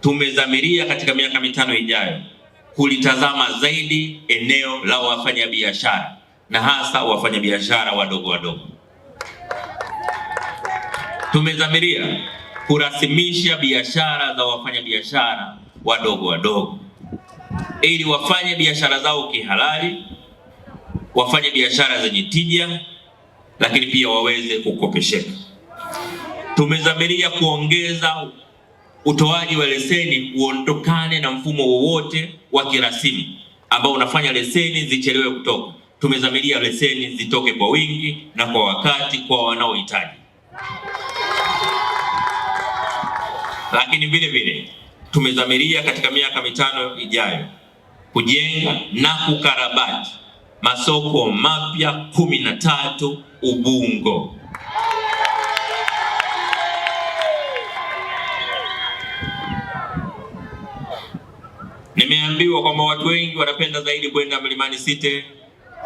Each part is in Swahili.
tumedhamiria katika miaka mitano ijayo kulitazama zaidi eneo la wafanyabiashara na hasa wafanyabiashara wadogo wadogo. Tumedhamiria kurasimisha biashara za wafanyabiashara wadogo wadogo ili wafanye biashara zao kihalali, wafanye biashara zenye tija, lakini pia waweze kukopesheka. Tumedhamiria kuongeza utoaji wa leseni uondokane na mfumo wowote wa kirasimu ambao unafanya leseni zichelewe kutoka. Tumezamilia leseni zitoke kwa wingi na kwa wakati kwa wanaohitaji. Lakini vile vile tumezamilia katika miaka mitano ijayo kujenga na kukarabati masoko mapya kumi na tatu Ubungo. Nimeambiwa kwamba watu wengi wanapenda zaidi kwenda Mlimani City,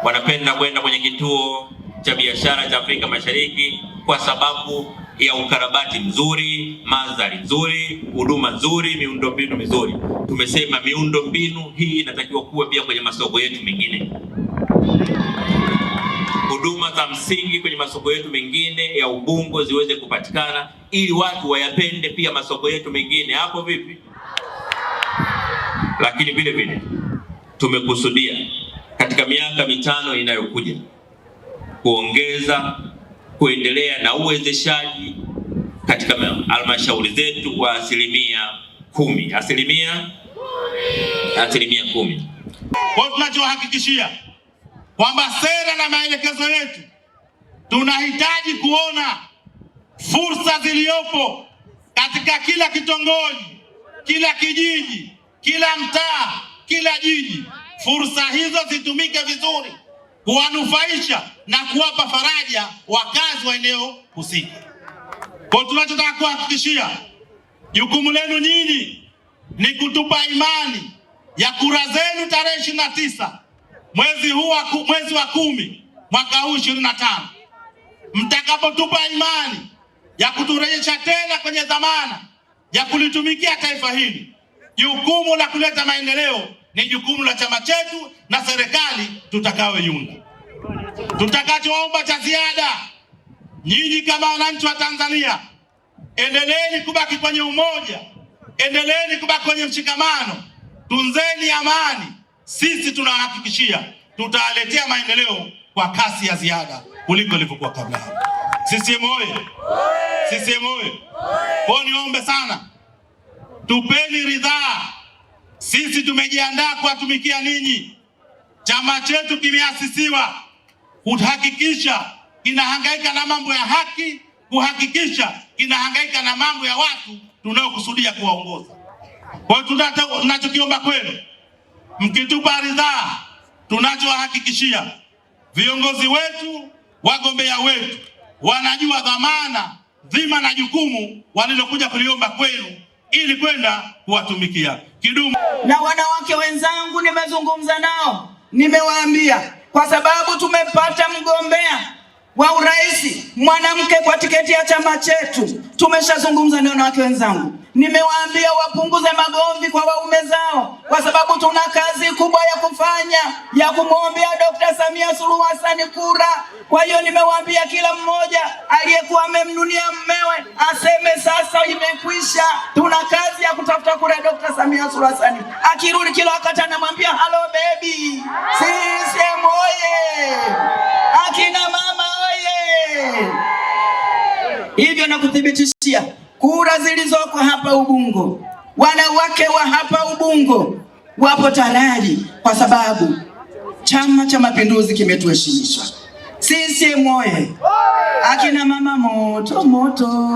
wanapenda kwenda kwenye kituo cha biashara cha Afrika Mashariki kwa sababu ya ukarabati mzuri, mandhari nzuri, huduma nzuri, miundombinu mizuri. Tumesema miundombinu hii inatakiwa kuwa pia kwenye masoko yetu mengine, huduma za msingi kwenye masoko yetu mengine ya Ubungo ziweze kupatikana ili watu wayapende pia masoko yetu mengine. Hapo vipi? lakini vile vile tumekusudia katika miaka mitano inayokuja kuongeza kuendelea na uwezeshaji katika halmashauri zetu kwa asilimia kumi, asilimia asilimia kumi. Kwa tunachowahakikishia kwamba sera na maelekezo yetu, tunahitaji kuona fursa ziliyopo katika kila kitongoji, kila kijiji kila mtaa, kila jiji. Fursa hizo zitumike vizuri kuwanufaisha na kuwapa faraja wakazi wa eneo husika. Kwa tunachotaka kuhakikishia, jukumu lenu nyinyi ni kutupa imani ya kura zenu tarehe ishirini na tisa mwezi huu mwezi wa kumi mwaka huu ishirini na tano mtakapotupa imani ya kuturejesha tena kwenye dhamana ya kulitumikia taifa hili Jukumu la kuleta maendeleo ni jukumu la chama chetu na serikali tutakayoiunda. Tutakachoomba cha ziada, nyinyi kama wananchi wa Tanzania, endeleeni kubaki kwenye umoja, endeleeni kubaki kwenye mshikamano, tunzeni amani. Sisi tunawahakikishia tutawaletea maendeleo kwa kasi ya ziada kuliko ilivyokuwa kabla. Sisi moyo, sisi moyo. Kwa niombe sana tupeni ridhaa. Sisi tumejiandaa kuwatumikia ninyi. Chama chetu kimeasisiwa kuhakikisha kinahangaika na mambo ya haki, kuhakikisha kinahangaika na mambo ya watu tunaokusudia kuwaongoza. Kwa hiyo tunachokiomba kwenu, mkitupa ridhaa, tunachowahakikishia viongozi wetu, wagombea wetu wanajua dhamana, dhima na jukumu walilokuja kuliomba kwenu ili kwenda kuwatumikia kidumu. Na wanawake wenzangu nimezungumza nao, nimewaambia kwa sababu tumepata mgombea wa urais mwanamke kwa tiketi ya chama chetu. Tumeshazungumza na wanawake wenzangu, nimewaambia wapunguze magomvi kwa waume zao, kwa sababu tuna kazi kubwa ya kufanya ya kumwombea Dkt. Samia Suluhu Hassan kura. Kwa hiyo nimewaambia kila mmoja aliyekuwa amemnunia mmewe aseme imekwisha, tuna kazi ya kutafuta kura. Dr. Samia Suluhu Hassan akirudi kila wakati anamwambia halo baby, sisemu oye, akina mama oye. Hivyo nakuthibitishia kura zilizoko hapa Ubungo, wanawake wa hapa Ubungo wapo tayari, kwa sababu Chama cha Mapinduzi kimetuheshimisha. Sisemu oye, akina mama moto moto.